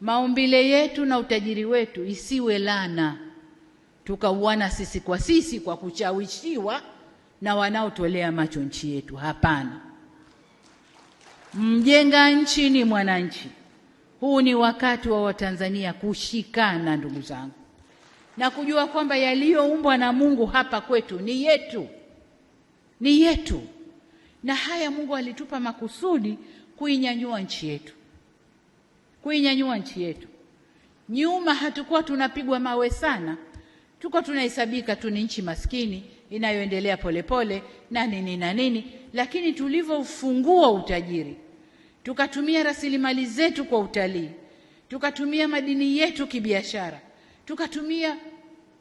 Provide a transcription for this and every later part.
maumbile yetu na utajiri wetu isiwe lana tukauana sisi kwa sisi kwa kuchawishiwa na wanaotolea macho nchi yetu. Hapana, mjenga nchi ni mwananchi. Huu ni wakati wa Watanzania kushikana, ndugu zangu, na kujua kwamba yaliyoumbwa na Mungu hapa kwetu ni yetu, ni yetu, na haya Mungu alitupa makusudi kuinyanyua nchi yetu kuinyanyua nchi yetu. Nyuma hatukuwa tunapigwa mawe sana, tuko tunahesabika tu ni nchi maskini inayoendelea polepole na nini na nini, lakini tulivyofungua utajiri, tukatumia rasilimali zetu kwa utalii, tukatumia madini yetu kibiashara, tukatumia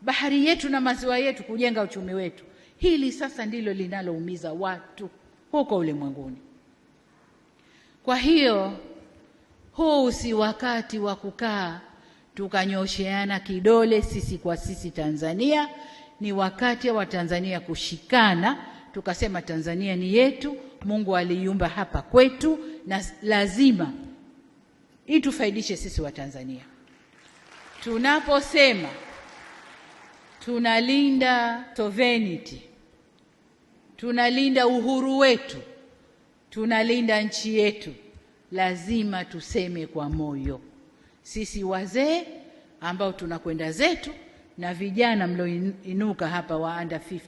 bahari yetu na maziwa yetu kujenga uchumi wetu. Hili sasa ndilo linaloumiza watu huko ulimwenguni. Kwa hiyo huu si wakati wa kukaa tukanyosheana kidole sisi kwa sisi Tanzania. Ni wakati wa Tanzania kushikana, tukasema Tanzania ni yetu, Mungu aliiumba hapa kwetu, na lazima itufaidishe sisi wa Tanzania. Tunaposema tunalinda sovereignty, tunalinda uhuru wetu, tunalinda nchi yetu lazima tuseme kwa moyo, sisi wazee ambao tunakwenda zetu na vijana mlioinuka hapa wa under 50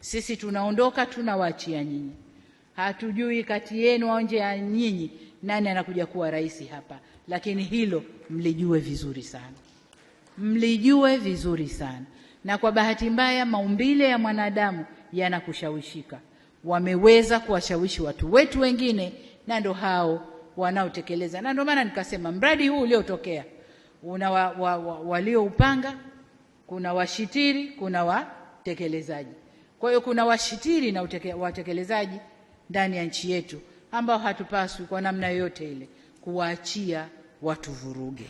sisi tunaondoka, tunawaachia nyinyi. Hatujui kati yenu au nje ya nyinyi nani anakuja kuwa rais hapa, lakini hilo mlijue vizuri sana, mlijue vizuri sana. Na kwa bahati mbaya, maumbile ya mwanadamu yanakushawishika. Wameweza kuwashawishi watu wetu wengine, na ndo hao wanaotekeleza. Na ndio maana nikasema mradi huu uliotokea una wa, wa, wa, walioupanga, kuna washitiri, kuna watekelezaji. Kwa hiyo kuna washitiri na uteke, watekelezaji ndani ya nchi yetu ambao hatupaswi kwa namna yoyote ile kuwaachia watu vuruge.